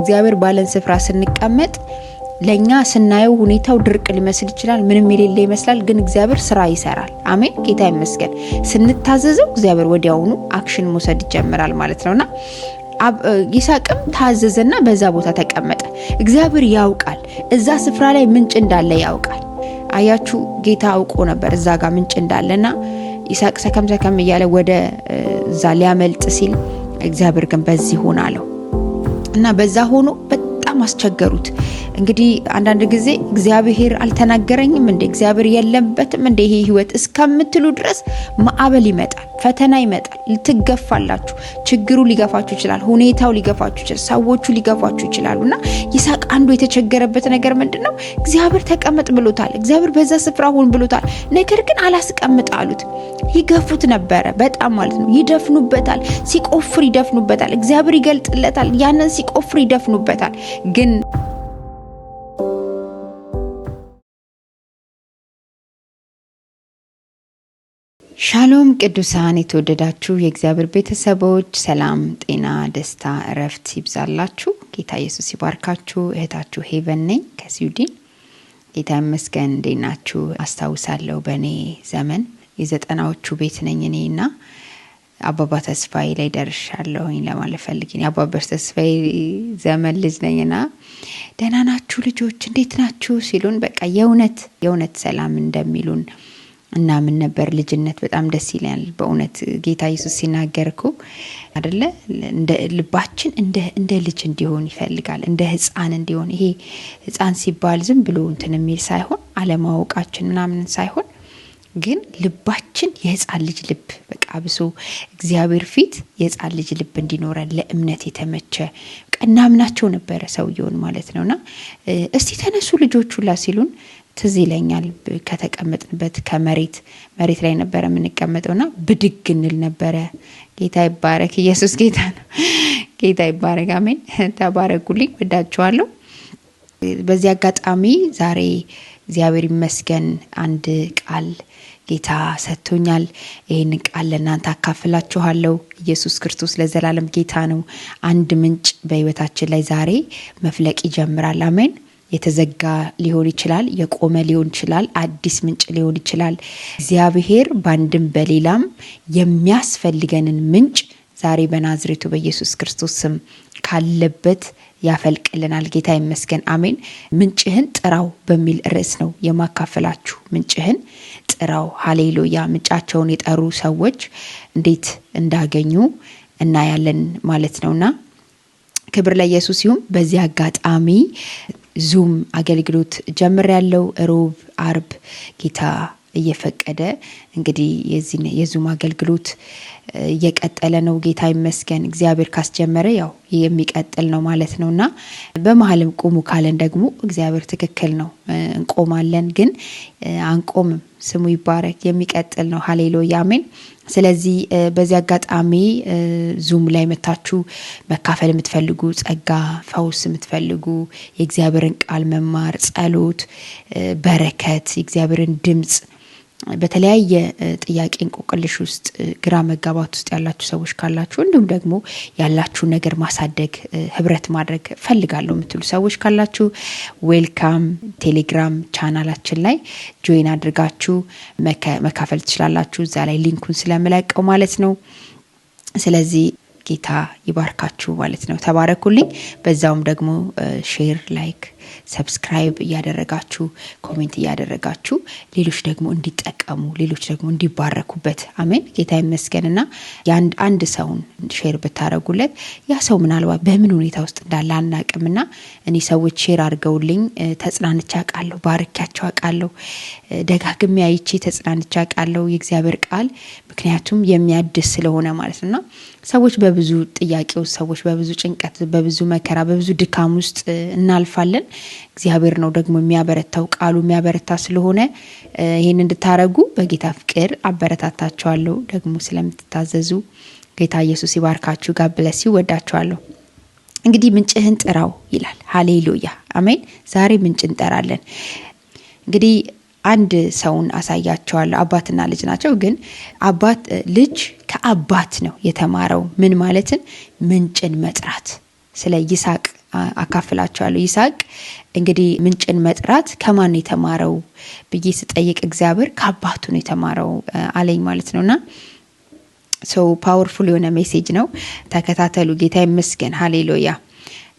እግዚአብሔር ባለን ስፍራ ስንቀመጥ ለእኛ ስናየው ሁኔታው ድርቅ ሊመስል ይችላል። ምንም የሌለ ይመስላል። ግን እግዚአብሔር ስራ ይሰራል። አሜን፣ ጌታ ይመስገን። ስንታዘዘው እግዚአብሔር ወዲያውኑ አክሽን መውሰድ ይጀምራል ማለት ነውና ይሳቅም ታዘዘና በዛ ቦታ ተቀመጠ። እግዚአብሔር ያውቃል፣ እዛ ስፍራ ላይ ምንጭ እንዳለ ያውቃል። አያችሁ፣ ጌታ አውቆ ነበር እዛ ጋር ምንጭ እንዳለና ይሳቅ ሰከም ሰከም እያለ ወደ እዛ ሊያመልጥ ሲል እግዚአብሔር ግን በዚህ ሆን አለው። እና በዛ ሆኖ በጣም አስቸገሩት። እንግዲህ አንዳንድ ጊዜ እግዚአብሔር አልተናገረኝም እንደ እግዚአብሔር የለበትም እንደ ይሄ ህይወት እስከምትሉ ድረስ ማዕበል ይመጣል። ፈተና ይመጣል። ልትገፋላችሁ፣ ችግሩ ሊገፋችሁ ይችላል፣ ሁኔታው ሊገፋችሁ ይችላል፣ ሰዎቹ ሊገፋችሁ ይችላሉ። እና ይስሐቅ አንዱ የተቸገረበት ነገር ምንድን ነው? እግዚአብሔር ተቀመጥ ብሎታል፣ እግዚአብሔር በዛ ስፍራ ሁን ብሎታል። ነገር ግን አላስቀምጥ አሉት። ይገፉት ነበረ በጣም ማለት ነው። ይደፍኑበታል፣ ሲቆፍር ይደፍኑበታል። እግዚአብሔር ይገልጥለታል፣ ያንን ሲቆፍር ይደፍኑበታል ግን ሻሎም ቅዱሳን የተወደዳችሁ የእግዚአብሔር ቤተሰቦች ሰላም፣ ጤና፣ ደስታ፣ እረፍት ይብዛላችሁ። ጌታ ኢየሱስ ይባርካችሁ። እህታችሁ ሄቨን ነኝ ከስዊድን። ጌታ ይመስገን። እንዴት ናችሁ? አስታውሳለሁ በእኔ ዘመን የዘጠናዎቹ ቤት ነኝ እኔ እና አባባ ተስፋዬ ላይ ደርሻለሁኝ ለማለት ፈልጌ ነው። የአባባ ተስፋዬ ዘመን ልጅ ነኝና ደህና ናችሁ ልጆች እንዴት ናችሁ ሲሉን በቃ የእውነት የእውነት ሰላም እንደሚሉን እና ምን ነበር ልጅነት በጣም ደስ ይላል። በእውነት ጌታ ኢየሱስ ሲናገር እኮ አደለ ልባችን እንደ ልጅ እንዲሆን ይፈልጋል፣ እንደ ሕፃን እንዲሆን። ይሄ ሕፃን ሲባል ዝም ብሎ እንትን የሚል ሳይሆን አለማወቃችን ምናምን ሳይሆን ግን ልባችን የሕፃን ልጅ ልብ በቃ ብሶ እግዚአብሔር ፊት የሕፃን ልጅ ልብ እንዲኖረን ለእምነት የተመቸ እናምናቸው ነበረ ሰውየውን ማለት ነውና፣ እስቲ ተነሱ ልጆች ሁላ ሲሉን ትዝ ይለኛል ከተቀመጥንበት ከመሬት መሬት ላይ ነበረ ና ብድግ እንል ነበረ። ጌታ ይባረክ። ኢየሱስ ጌታ ነው። ጌታ ይባረክ። አሜን። ተባረኩልኝ። ወዳችኋለሁ። በዚህ አጋጣሚ ዛሬ እግዚአብሔር ይመስገን አንድ ቃል ጌታ ሰጥቶኛል። ይህን ቃል ለእናንተ አካፍላችኋለሁ። ኢየሱስ ክርስቶስ ለዘላለም ጌታ ነው። አንድ ምንጭ በህይወታችን ላይ ዛሬ መፍለቅ ይጀምራል። አሜን። የተዘጋ ሊሆን ይችላል፣ የቆመ ሊሆን ይችላል፣ አዲስ ምንጭ ሊሆን ይችላል። እግዚአብሔር በአንድም በሌላም የሚያስፈልገንን ምንጭ ዛሬ በናዝሬቱ በኢየሱስ ክርስቶስ ስም ካለበት ያፈልቅልናል። ጌታ ይመስገን። አሜን። ምንጭህን ጥራው በሚል ርዕስ ነው የማካፈላችሁ። ምንጭህን ጥራው። ሀሌሉያ። ምንጫቸውን የጠሩ ሰዎች እንዴት እንዳገኙ እናያለን ማለት ነውና ክብር ለኢየሱስ ይሁን። በዚህ አጋጣሚ ዙም አገልግሎት ጀምር ያለው ሮብ፣ አርብ ጌታ እየፈቀደ እንግዲህ የዚህ የዙም አገልግሎት እየቀጠለ ነው። ጌታ ይመስገን። እግዚአብሔር ካስጀመረ ያው የሚቀጥል ነው ማለት ነው እና በመሀልም ቁሙ ካለን ደግሞ እግዚአብሔር ትክክል ነው፣ እንቆማለን ግን አንቆምም ስሙ ይባረክ። የሚቀጥል ነው። ሀሌሉያ አሜን። ስለዚህ በዚህ አጋጣሚ ዙም ላይ መታችሁ መካፈል የምትፈልጉ ጸጋ፣ ፈውስ የምትፈልጉ የእግዚአብሔርን ቃል መማር፣ ጸሎት፣ በረከት የእግዚአብሔርን ድምፅ በተለያየ ጥያቄ እንቆቅልሽ ውስጥ ግራ መጋባት ውስጥ ያላችሁ ሰዎች ካላችሁ እንዲሁም ደግሞ ያላችሁ ነገር ማሳደግ ህብረት ማድረግ ፈልጋለሁ የምትሉ ሰዎች ካላችሁ ዌልካም ቴሌግራም ቻናላችን ላይ ጆይን አድርጋችሁ መካፈል ትችላላችሁ። እዛ ላይ ሊንኩን ስለምለቀው ማለት ነው። ስለዚህ ጌታ ይባርካችሁ ማለት ነው። ተባረኩልኝ። በዛውም ደግሞ ሼር፣ ላይክ፣ ሰብስክራይብ እያደረጋችሁ ኮሜንት እያደረጋችሁ ሌሎች ደግሞ እንዲጠቀሙ ሌሎች ደግሞ እንዲባረኩበት አሜን። ጌታ ይመስገንና አንድ ሰውን ሼር ብታደረጉለት ያ ሰው ምናልባት በምን ሁኔታ ውስጥ እንዳለ አናቅምና እኔ ሰዎች ሼር አድርገውልኝ ተጽናንቻ አውቃለሁ ባርኪያቸው አውቃለሁ ደጋግሜ አይቼ ተጽናንቻ አውቃለሁ የእግዚአብሔር ቃል ምክንያቱም የሚያድስ ስለሆነ ማለት ነው። ሰዎች በብዙ ጥያቄ ውስጥ ሰዎች በብዙ ጭንቀት፣ በብዙ መከራ፣ በብዙ ድካም ውስጥ እናልፋለን። እግዚአብሔር ነው ደግሞ የሚያበረታው ቃሉ የሚያበረታ ስለሆነ ይህን እንድታረጉ በጌታ ፍቅር አበረታታችኋለሁ። ደግሞ ስለምትታዘዙ ጌታ ኢየሱስ ይባርካችሁ። ጋብለስ ይወዳችኋለሁ። እንግዲህ ምንጭህን ጥራው ይላል። ሀሌሉያ አሜን። ዛሬ ምንጭ እንጠራለን እንግዲህ አንድ ሰውን አሳያቸዋለሁ። አባትና ልጅ ናቸው። ግን አባት ልጅ ከአባት ነው የተማረው ምን ማለትን ምንጭን መጥራት። ስለ ይስሐቅ አካፍላቸዋለሁ። ይስሐቅ እንግዲህ ምንጭን መጥራት ከማን የተማረው ብዬ ስጠይቅ እግዚአብሔር ከአባቱ ነው የተማረው አለኝ ማለት ነውና ሰው ፓወርፉል የሆነ ሜሴጅ ነው። ተከታተሉ። ጌታ ይመስገን። ሀሌሉያ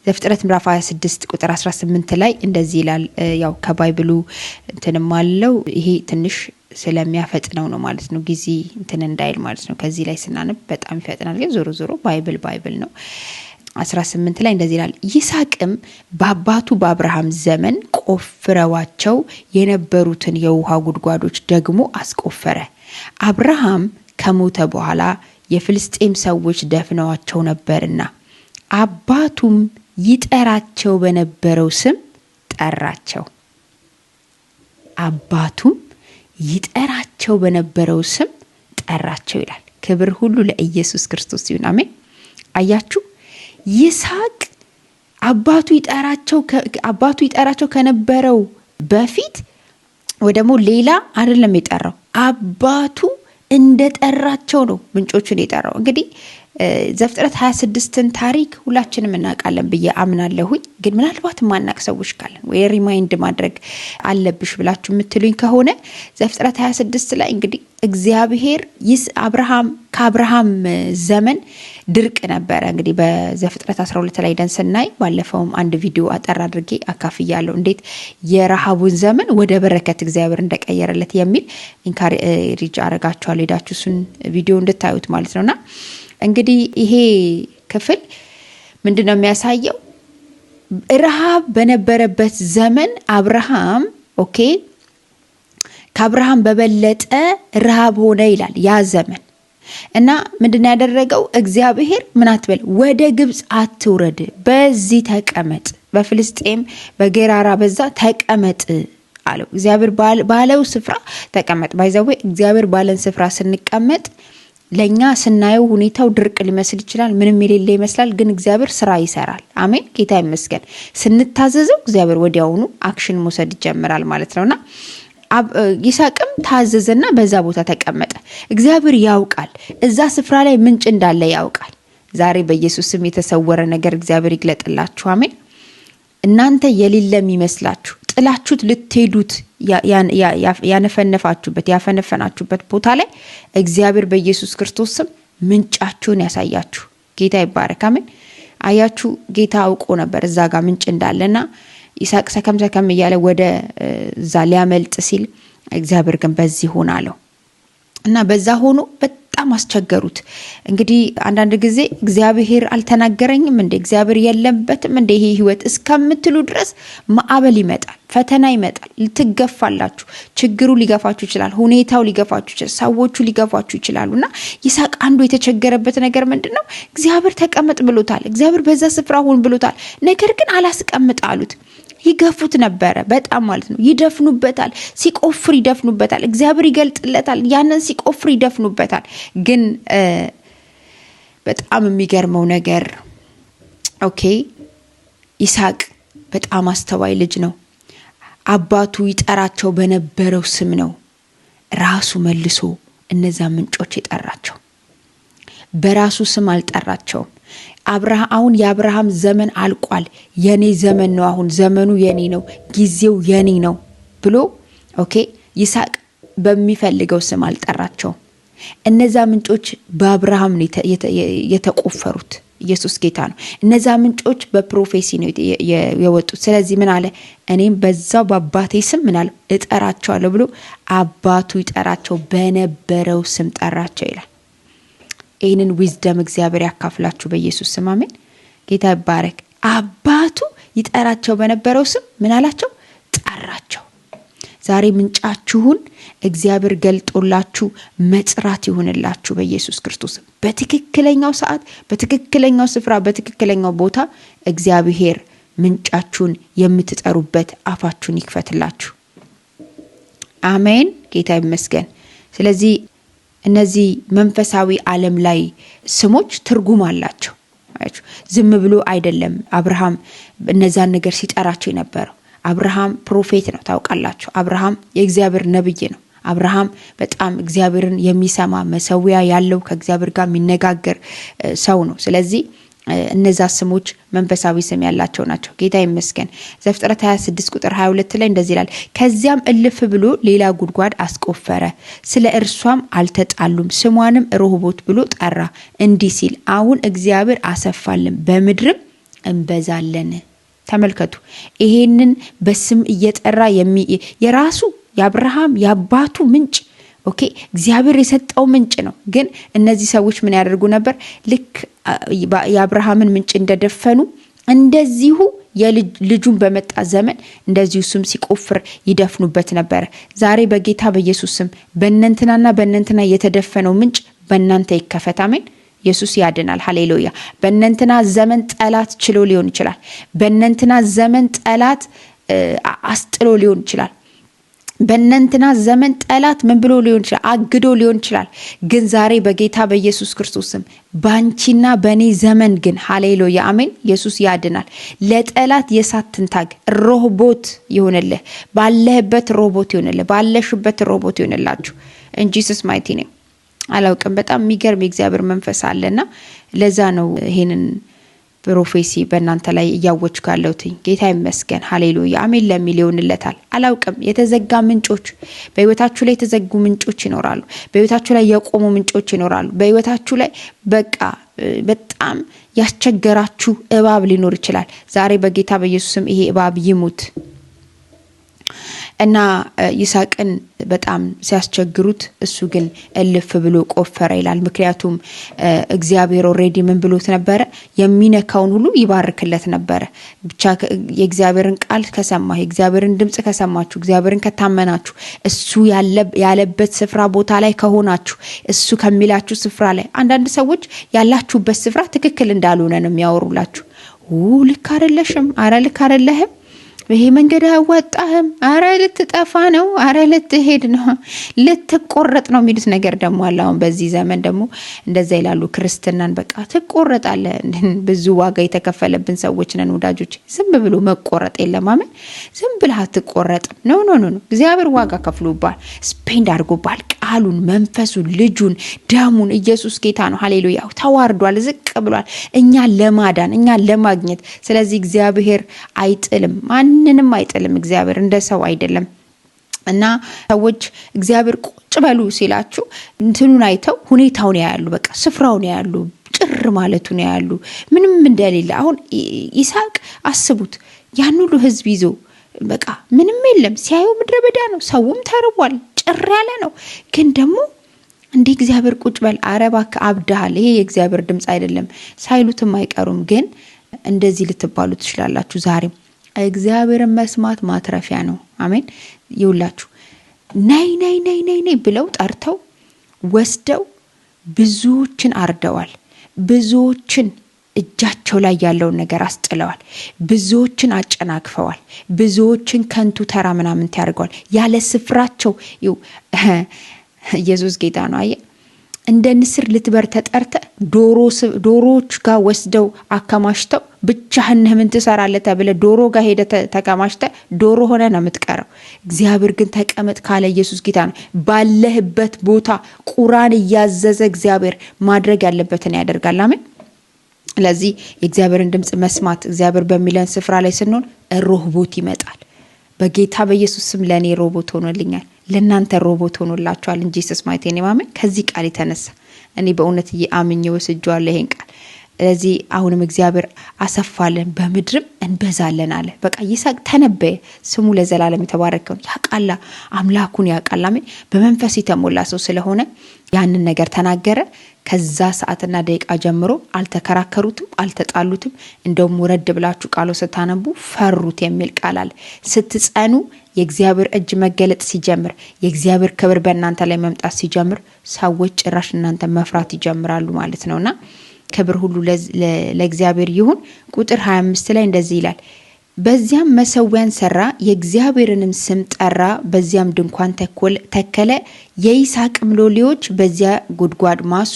ዘፍጥረት ምዕራፍ 26 ቁጥር 18 ላይ እንደዚህ ይላል። ያው ከባይብሉ እንትንም አለው ይሄ ትንሽ ስለሚያፈጥነው ነው ማለት ነው። ጊዜ እንትን እንዳይል ማለት ነው። ከዚህ ላይ ስናነብ በጣም ይፈጥናል፣ ግን ዞሮ ዞሮ ባይብል ባይብል ነው። 18 ላይ እንደዚህ ይላል። ይስሐቅም በአባቱ በአብርሃም ዘመን ቆፍረዋቸው የነበሩትን የውሃ ጉድጓዶች ደግሞ አስቆፈረ። አብርሃም ከሞተ በኋላ የፍልስጤም ሰዎች ደፍነዋቸው ነበርና አባቱም ይጠራቸው በነበረው ስም ጠራቸው። አባቱም ይጠራቸው በነበረው ስም ጠራቸው ይላል። ክብር ሁሉ ለኢየሱስ ክርስቶስ ይሁን፣ አሜን። አያችሁ ይስሐቅ አባቱ ይጠራቸው አባቱ ይጠራቸው ከነበረው በፊት ወይ ደግሞ ሌላ አይደለም የጠራው አባቱ እንደጠራቸው ነው ምንጮቹን የጠራው እንግዲህ ዘፍጥረት 26ን ታሪክ ሁላችንም እናውቃለን ብዬ አምናለሁኝ። ግን ምናልባት ማናቅ ሰዎች ካለን ወይ ሪማይንድ ማድረግ አለብሽ ብላችሁ የምትሉኝ ከሆነ ዘፍጥረት 26 ላይ እንግዲህ እግዚአብሔር ይስ አብርሃም ከአብርሃም ዘመን ድርቅ ነበረ። እንግዲህ በዘፍጥረት 12 ላይ ደን ስናይ ባለፈውም አንድ ቪዲዮ አጠር አድርጌ አካፍያለሁ፣ እንዴት የረሃቡን ዘመን ወደ በረከት እግዚአብሔር እንደቀየረለት የሚል ኢንካሪጅ አረጋችኋል። ሄዳችሁ እሱን ቪዲዮ እንድታዩት ማለት ነውና እንግዲህ ይሄ ክፍል ምንድን ነው የሚያሳየው? ረሃብ በነበረበት ዘመን አብርሃም ኦኬ፣ ከአብርሃም በበለጠ ረሃብ ሆነ ይላል ያ ዘመን እና ምንድን ያደረገው እግዚአብሔር ምን አትበል፣ ወደ ግብፅ አትውረድ፣ በዚህ ተቀመጥ፣ በፍልስጤም በጌራራ በዛ ተቀመጥ አለው። እግዚአብሔር ባለው ስፍራ ተቀመጥ። ባይዘዌ እግዚአብሔር ባለን ስፍራ ስንቀመጥ ለእኛ ስናየው ሁኔታው ድርቅ ሊመስል ይችላል፣ ምንም የሌለ ይመስላል። ግን እግዚአብሔር ስራ ይሰራል። አሜን፣ ጌታ ይመስገን። ስንታዘዘው እግዚአብሔር ወዲያውኑ አክሽን መውሰድ ይጀምራል ማለት ነውና ይስሐቅም ታዘዘና በዛ ቦታ ተቀመጠ። እግዚአብሔር ያውቃል፣ እዛ ስፍራ ላይ ምንጭ እንዳለ ያውቃል። ዛሬ በኢየሱስ ስም የተሰወረ ነገር እግዚአብሔር ይግለጥላችሁ። አሜን። እናንተ የሌለም ይመስላችሁ ጥላችሁት ልትሄዱት ያነፈነፋችሁበት ያፈነፈናችሁበት ቦታ ላይ እግዚአብሔር በኢየሱስ ክርስቶስ ስም ምንጫችሁን ያሳያችሁ። ጌታ ይባረክ። አሜን። አያችሁ፣ ጌታ አውቆ ነበር እዛ ጋር ምንጭ እንዳለና ይስሐቅ ሰከም ሰከም እያለ ወደ እዛ ሊያመልጥ ሲል እግዚአብሔር ግን በዚህ ሆን አለው እና በዛ ሆኖ በጣም አስቸገሩት። እንግዲህ አንዳንድ ጊዜ እግዚአብሔር አልተናገረኝም እንደ እግዚአብሔር የለበትም እንደ ይሄ ህይወት እስከምትሉ ድረስ ማዕበል ይመጣል፣ ፈተና ይመጣል። ልትገፋላችሁ፣ ችግሩ ሊገፋችሁ ይችላል፣ ሁኔታው ሊገፋችሁ ይችላል፣ ሰዎቹ ሊገፋችሁ ይችላሉ። እና ይስሐቅ አንዱ የተቸገረበት ነገር ምንድን ነው? እግዚአብሔር ተቀመጥ ብሎታል፣ እግዚአብሔር በዛ ስፍራ ሁን ብሎታል። ነገር ግን አላስቀምጥ አሉት። ይገፉት ነበረ። በጣም ማለት ነው ይደፍኑበታል። ሲቆፍር ይደፍኑበታል። እግዚአብሔር ይገልጥለታል። ያንን ሲቆፍር ይደፍኑበታል። ግን በጣም የሚገርመው ነገር ኦኬ ይስሐቅ በጣም አስተዋይ ልጅ ነው። አባቱ ይጠራቸው በነበረው ስም ነው ራሱ መልሶ እነዛ ምንጮች የጠራቸው። በራሱ ስም አልጠራቸውም። አሁን የአብርሃም ዘመን አልቋል። የኔ ዘመን ነው። አሁን ዘመኑ የኔ ነው፣ ጊዜው የኔ ነው ብሎ ኦኬ። ይስሐቅ በሚፈልገው ስም አልጠራቸውም። እነዛ ምንጮች በአብርሃም ነው የተቆፈሩት። ኢየሱስ ጌታ ነው። እነዛ ምንጮች በፕሮፌሲ ነው የወጡት። ስለዚህ ምን አለ? እኔም በዛው በአባቴ ስም ምን እጠራቸዋለሁ ብሎ አባቱ ይጠራቸው በነበረው ስም ጠራቸው ይላል። ይህንን ዊዝደም እግዚአብሔር ያካፍላችሁ በኢየሱስ ስም አሜን። ጌታ ይባረክ። አባቱ ይጠራቸው በነበረው ስም ምን አላቸው? ጠራቸው። ዛሬ ምንጫችሁን እግዚአብሔር ገልጦላችሁ መጽራት ይሁንላችሁ በኢየሱስ ክርስቶስ። በትክክለኛው ሰዓት፣ በትክክለኛው ስፍራ፣ በትክክለኛው ቦታ እግዚአብሔር ምንጫችሁን የምትጠሩበት አፋችሁን ይክፈትላችሁ። አሜን። ጌታ ይመስገን። ስለዚህ እነዚህ መንፈሳዊ ዓለም ላይ ስሞች ትርጉም አላቸው። ዝም ብሎ አይደለም አብርሃም እነዛን ነገር ሲጠራቸው የነበረው። አብርሃም ፕሮፌት ነው ታውቃላቸው። አብርሃም የእግዚአብሔር ነብይ ነው። አብርሃም በጣም እግዚአብሔርን የሚሰማ መሰዊያ ያለው ከእግዚአብሔር ጋር የሚነጋገር ሰው ነው። ስለዚህ እነዛ ስሞች መንፈሳዊ ስም ያላቸው ናቸው። ጌታ ይመስገን። ዘፍጥረት 26 ቁጥር 22 ላይ እንደዚህ ይላል፣ ከዚያም እልፍ ብሎ ሌላ ጉድጓድ አስቆፈረ፣ ስለ እርሷም አልተጣሉም። ስሟንም ሮህቦት ብሎ ጠራ፣ እንዲህ ሲል አሁን እግዚአብሔር አሰፋልን፣ በምድርም እንበዛለን። ተመልከቱ፣ ይሄንን በስም እየጠራ የራሱ የአብርሃም የአባቱ ምንጭ ኦኬ፣ እግዚአብሔር የሰጠው ምንጭ ነው። ግን እነዚህ ሰዎች ምን ያደርጉ ነበር? ልክ የአብርሃምን ምንጭ እንደደፈኑ እንደዚሁ የልጁን በመጣ ዘመን እንደዚሁ ስም ሲቆፍር ይደፍኑበት ነበር ዛሬ በጌታ በኢየሱስ ስም በእነንትናና በእነንትና የተደፈነው ምንጭ በእናንተ ይከፈት። አሜን። ኢየሱስ ያድናል። ሀሌሉያ። በእነንትና ዘመን ጠላት ችሎ ሊሆን ይችላል። በእነንትና ዘመን ጠላት አስጥሎ ሊሆን ይችላል። በእነንትና ዘመን ጠላት ምን ብሎ ሊሆን ይችላል? አግዶ ሊሆን ይችላል። ግን ዛሬ በጌታ በኢየሱስ ክርስቶስም ባንቺና በእኔ ዘመን ግን ሀሌሉያ አሜን። ኢየሱስ ያድናል። ለጠላት የእሳት ትንታግ ሮቦት ይሆንልህ፣ ባለህበት ሮቦት ይሆንልህ፣ ባለሽበት ሮቦት ይሆንላችሁ እንጂ ስስ ማይቲ ነኝ አላውቅም። በጣም የሚገርም የእግዚአብሔር መንፈስ አለና ለዛ ነው ይሄንን ፕሮፌሲ በእናንተ ላይ እያወጅ ካለውትኝ ጌታ ይመስገን፣ ሀሌሉያ አሜን ለሚል ይሆንለታል። አላውቅም። የተዘጋ ምንጮች በህይወታችሁ ላይ የተዘጉ ምንጮች ይኖራሉ። በህይወታችሁ ላይ የቆሙ ምንጮች ይኖራሉ። በህይወታችሁ ላይ በቃ በጣም ያስቸገራችሁ እባብ ሊኖር ይችላል። ዛሬ በጌታ በኢየሱስም ይሄ እባብ ይሙት። እና ይስሐቅን በጣም ሲያስቸግሩት እሱ ግን እልፍ ብሎ ቆፈረ ይላል። ምክንያቱም እግዚአብሔር ኦልሬዲ ምን ብሎት ነበረ? የሚነካውን ሁሉ ይባርክለት ነበረ። ብቻ የእግዚአብሔርን ቃል ከሰማ፣ የእግዚአብሔርን ድምፅ ከሰማችሁ፣ እግዚአብሔርን ከታመናችሁ፣ እሱ ያለበት ስፍራ ቦታ ላይ ከሆናችሁ፣ እሱ ከሚላችሁ ስፍራ ላይ አንዳንድ ሰዎች ያላችሁበት ስፍራ ትክክል እንዳልሆነ ነው የሚያወሩላችሁ። ልክ አደለሽም፣ አረ ልክ አደለህም ይሄ መንገድ አዋጣህም? አረ ልትጠፋ ነው፣ አረ ልትሄድ ነው፣ ልትቆረጥ ነው የሚሉት ነገር ደግሞ አለ። አሁን በዚህ ዘመን ደግሞ እንደዛ ይላሉ። ክርስትናን በቃ ትቆረጣለ። ብዙ ዋጋ የተከፈለብን ሰዎች ነን ወዳጆች። ዝም ብሎ መቆረጥ የለም አመን። ዝም ብለህ አትቆረጥም። ኖ ኖ ኖ፣ እግዚአብሔር ዋጋ ከፍሎባል፣ ስፔንድ አድርጎባል። ቃሉን፣ መንፈሱን፣ ልጁን፣ ደሙን። ኢየሱስ ጌታ ነው። ሀሌሉያ። ተዋርዷል፣ ዝቅ ብሏል፣ እኛ ለማዳን እኛ ለማግኘት። ስለዚህ እግዚአብሔር አይጥልም ማን ማንንም አይጥልም እግዚአብሔር እንደ ሰው አይደለም። እና ሰዎች እግዚአብሔር ቁጭ በሉ ሲላችሁ እንትኑን አይተው ሁኔታውን ያያሉ፣ በቃ ስፍራውን ያያሉ፣ ጭር ማለቱን ያያሉ፣ ምንም እንደሌለ። አሁን ይስሐቅ አስቡት፣ ያን ሁሉ ህዝብ ይዞ በቃ ምንም የለም ሲያዩ ምድረ በዳ ነው፣ ሰውም ተርቧል፣ ጭር ያለ ነው። ግን ደግሞ እንደ እግዚአብሔር ቁጭ በል አረባክ እባክህ አብድሃል፣ ይሄ የእግዚአብሔር ድምፅ አይደለም ሳይሉትም አይቀሩም። ግን እንደዚህ ልትባሉ ትችላላችሁ ዛሬም እግዚአብሔርን መስማት ማትረፊያ ነው። አሜን ይውላችሁ። ነይ ነይ ነይ ነይ ነይ ብለው ጠርተው ወስደው ብዙዎችን አርደዋል። ብዙዎችን እጃቸው ላይ ያለውን ነገር አስጥለዋል። ብዙዎችን አጨናግፈዋል። ብዙዎችን ከንቱ ተራ ምናምን ያደርገዋል። ያለ ስፍራቸው ኢየሱስ ጌታ ነው። አየ እንደ ንስር ልትበር ተጠርተ ዶሮዎች ጋር ወስደው አከማሽተው ብቻህን ምን ትሰራለህ ተብለ ዶሮ ጋር ሄደ ተከማሽተ ዶሮ ሆነ ነው የምትቀረው። እግዚአብሔር ግን ተቀመጥ ካለ ኢየሱስ ጌታ ነው። ባለህበት ቦታ ቁራን እያዘዘ እግዚአብሔር ማድረግ ያለበትን ያደርጋል። አሜን። ስለዚህ የእግዚአብሔርን ድምፅ መስማት እግዚአብሔር በሚለን ስፍራ ላይ ስንሆን ሮህቦት ይመጣል። በጌታ በኢየሱስ ስም ለእኔ ሮቦት ሆኖልኛል። ለእናንተ ሮቦት ሆኖላችኋል እንጂ ስስ ማየት ኔ ማመን ከዚህ ቃል የተነሳ እኔ በእውነት አምኜ ወስጇዋለ ይሄን ቃል። ስለዚህ አሁንም እግዚአብሔር አሰፋለን በምድርም እንበዛለን አለ። በቃ ይስሐቅ ተነበየ። ስሙ ለዘላለም የተባረከውን ያቃላ አምላኩን ያቃላ በመንፈስ የተሞላ ሰው ስለሆነ ያንን ነገር ተናገረ። ከዛ ሰዓትና ደቂቃ ጀምሮ አልተከራከሩትም፣ አልተጣሉትም። እንደውም ውረድ ብላችሁ ቃሎ ስታነቡ ፈሩት የሚል ቃል አለ። ስትጸኑ የእግዚአብሔር እጅ መገለጥ ሲጀምር፣ የእግዚአብሔር ክብር በእናንተ ላይ መምጣት ሲጀምር፣ ሰዎች ጭራሽ እናንተ መፍራት ይጀምራሉ ማለት ነውና ክብር ሁሉ ለእግዚአብሔር ይሁን። ቁጥር 25 ላይ እንደዚህ ይላል በዚያም መሰዊያን ሰራ፣ የእግዚአብሔርንም ስም ጠራ። በዚያም ድንኳን ተከለ። የይስሐቅም ሎሌዎች በዚያ ጉድጓድ ማሱ።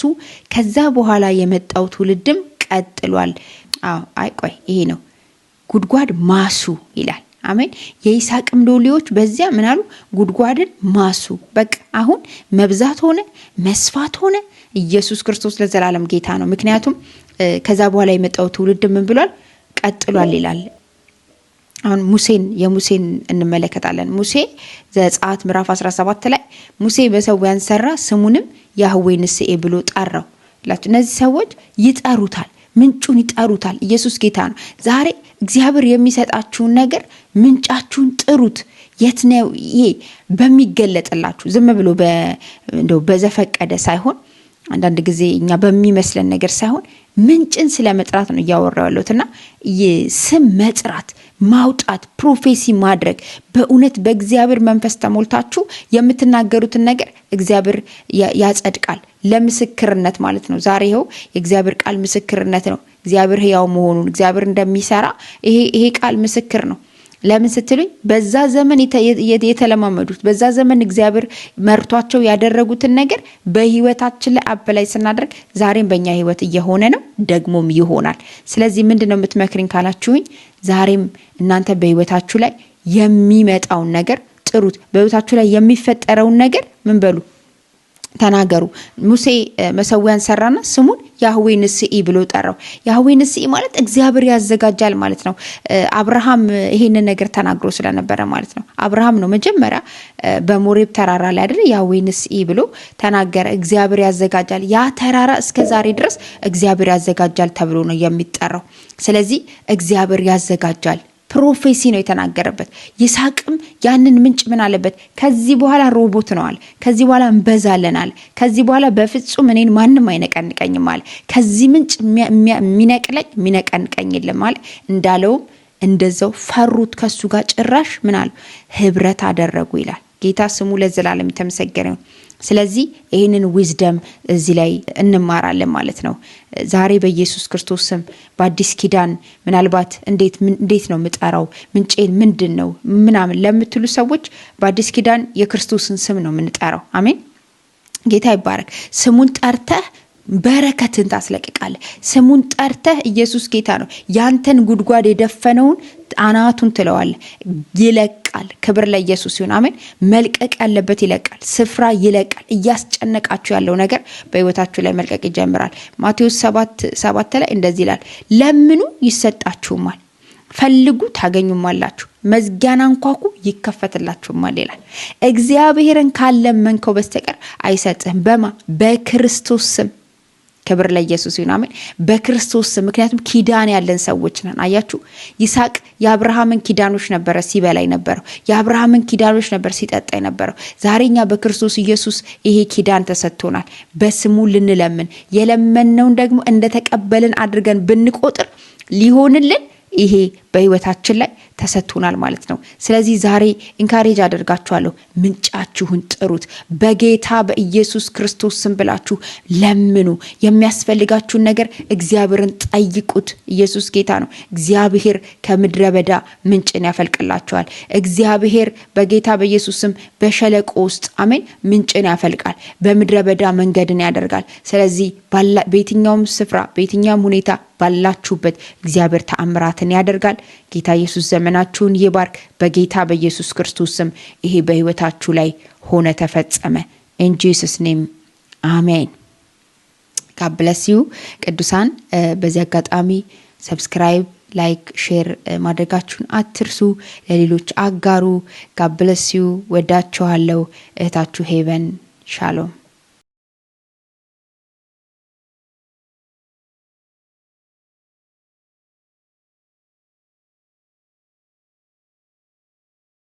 ከዛ በኋላ የመጣው ትውልድም ቀጥሏል። አዎ አይ ቆይ ይሄ ነው ጉድጓድ ማሱ ይላል። አሜን። የይስሐቅም ሎሌዎች በዚያ ምናሉ? ጉድጓድን ማሱ። በቃ አሁን መብዛት ሆነ መስፋት ሆነ። ኢየሱስ ክርስቶስ ለዘላለም ጌታ ነው። ምክንያቱም ከዛ በኋላ የመጣው ትውልድ ምን ብሏል? ቀጥሏል ይላል። አሁን ሙሴን የሙሴን እንመለከታለን። ሙሴ ዘጸአት ምዕራፍ 17 ላይ ሙሴ መሠዊያን ሰራ፣ ስሙንም ያህዌ ንስኤ ብሎ ጠራው ላቸው። እነዚህ ሰዎች ይጠሩታል፣ ምንጩን ይጠሩታል። ኢየሱስ ጌታ ነው። ዛሬ እግዚአብሔር የሚሰጣችሁን ነገር ምንጫችሁን ጥሩት። የት ነው ይሄ? በሚገለጥላችሁ ዝም ብሎ በዘፈቀደ ሳይሆን አንዳንድ ጊዜ እኛ በሚመስለን ነገር ሳይሆን ምንጭን ስለ መጥራት ነው እያወራው ያለሁት እና ስም መጥራት ማውጣት ፕሮፌሲ ማድረግ በእውነት በእግዚአብሔር መንፈስ ተሞልታችሁ የምትናገሩትን ነገር እግዚአብሔር ያጸድቃል። ለምስክርነት ማለት ነው። ዛሬ ይኸው የእግዚአብሔር ቃል ምስክርነት ነው። እግዚአብሔር ሕያው መሆኑን እግዚአብሔር እንደሚሰራ ይሄ ቃል ምስክር ነው። ለምን ስትሉኝ በዛ ዘመን የተለማመዱት በዛ ዘመን እግዚአብሔር መርቷቸው ያደረጉትን ነገር በህይወታችን ላይ አበላይ ስናደርግ ዛሬም በእኛ ህይወት እየሆነ ነው፣ ደግሞም ይሆናል። ስለዚህ ምንድን ነው የምትመክርኝ ካላችሁኝ ዛሬም እናንተ በህይወታችሁ ላይ የሚመጣውን ነገር ጥሩት። በህይወታችሁ ላይ የሚፈጠረውን ነገር ምን በሉ ተናገሩ። ሙሴ መሰዊያን ሰራና ስሙን ያህዌ ንስኢ ብሎ ጠራው። ያህዌ ንስኢ ማለት እግዚአብሔር ያዘጋጃል ማለት ነው። አብርሃም ይሄንን ነገር ተናግሮ ስለነበረ ማለት ነው። አብርሃም ነው መጀመሪያ በሞሬብ ተራራ ላይ አይደለ ያህዌ ንስኢ ብሎ ተናገረ። እግዚአብሔር ያዘጋጃል። ያ ተራራ እስከ ዛሬ ድረስ እግዚአብሔር ያዘጋጃል ተብሎ ነው የሚጠራው። ስለዚህ እግዚአብሔር ያዘጋጃል ፕሮፌሲ ነው የተናገረበት። ይስሐቅም ያንን ምንጭ ምን አለበት? ከዚህ በኋላ ሮቦት ነዋል። ከዚህ በኋላ እንበዛለናል። ከዚህ በኋላ በፍጹም እኔን ማንም አይነቀንቀኝም አለ። ከዚህ ምንጭ የሚነቅለኝ የሚነቀንቀኝ የለም አለ። እንዳለውም እንደዛው ፈሩት። ከሱ ጋር ጭራሽ ምን አሉ? ህብረት አደረጉ ይላል። ጌታ ስሙ ለዘላለም የተመሰገነ ስለዚህ ይህንን ዊዝደም እዚህ ላይ እንማራለን ማለት ነው። ዛሬ በኢየሱስ ክርስቶስ ስም በአዲስ ኪዳን ምናልባት እንዴት ነው የምጠራው ምንጬን ምንድን ነው ምናምን ለምትሉ ሰዎች በአዲስ ኪዳን የክርስቶስን ስም ነው የምንጠራው። አሜን። ጌታ ይባረክ። ስሙን ጠርተህ በረከትን ታስለቅቃለ። ስሙን ጠርተህ ኢየሱስ ጌታ ነው ያንተን ጉድጓድ የደፈነውን አናቱን ትለዋለ ይለቃል። ክብር ለኢየሱስ ይሁን፣ አሜን። መልቀቅ ያለበት ይለቃል፣ ስፍራ ይለቃል። እያስጨነቃችሁ ያለው ነገር በህይወታችሁ ላይ መልቀቅ ይጀምራል። ማቴዎስ ሰባት ላይ እንደዚህ ይላል፣ ለምኑ ይሰጣችሁማል፣ ፈልጉ ታገኙማላችሁ፣ መዝጊያን አንኳኩ ይከፈትላችሁማል ይላል። እግዚአብሔርን ካለመንከው በስተቀር አይሰጥህም። በማ በክርስቶስ ስም ክብር ለኢየሱስ ይሁን አሜን። በክርስቶስ ምክንያቱም ኪዳን ያለን ሰዎች ነን። አያችሁ ይስሐቅ የአብርሃምን ኪዳኖች ነበረ ሲበላ ነበረው። የአብርሃምን ኪዳኖች ነበር ሲጠጣ ነበረው። ዛሬ እኛ በክርስቶስ ኢየሱስ ይሄ ኪዳን ተሰጥቶናል። በስሙ ልንለምን የለመንነውን ደግሞ እንደተቀበልን አድርገን ብንቆጥር ሊሆንልን ይሄ በህይወታችን ላይ ተሰጥቶናል ማለት ነው። ስለዚህ ዛሬ ኢንካሬጅ አደርጋችኋለሁ፣ ምንጫችሁን ጥሩት። በጌታ በኢየሱስ ክርስቶስ ስም ብላችሁ ለምኑ። የሚያስፈልጋችሁን ነገር እግዚአብሔርን ጠይቁት። ኢየሱስ ጌታ ነው። እግዚአብሔር ከምድረ በዳ ምንጭን ያፈልቅላችኋል። እግዚአብሔር በጌታ በኢየሱስ ስም በሸለቆ ውስጥ አሜን ምንጭን ያፈልቃል፣ በምድረ በዳ መንገድን ያደርጋል። ስለዚህ በየትኛውም ስፍራ በየትኛውም ሁኔታ ባላችሁበት እግዚአብሔር ተአምራትን ያደርጋል። ጌታ ኢየሱስ ዘመናችሁን ይባርክ። በጌታ በኢየሱስ ክርስቶስ ስም ይሄ በህይወታችሁ ላይ ሆነ ተፈጸመ። ኢን ጂሰስ ኔም አሜን። ዩ ቅዱሳን። በዚህ አጋጣሚ ሰብስክራይብ፣ ላይክ፣ ሼር ማድረጋችሁን አትርሱ። ለሌሎች አጋሩ። ዩ ወዳችኋለሁ። እህታችሁ ሄቨን ሻሎም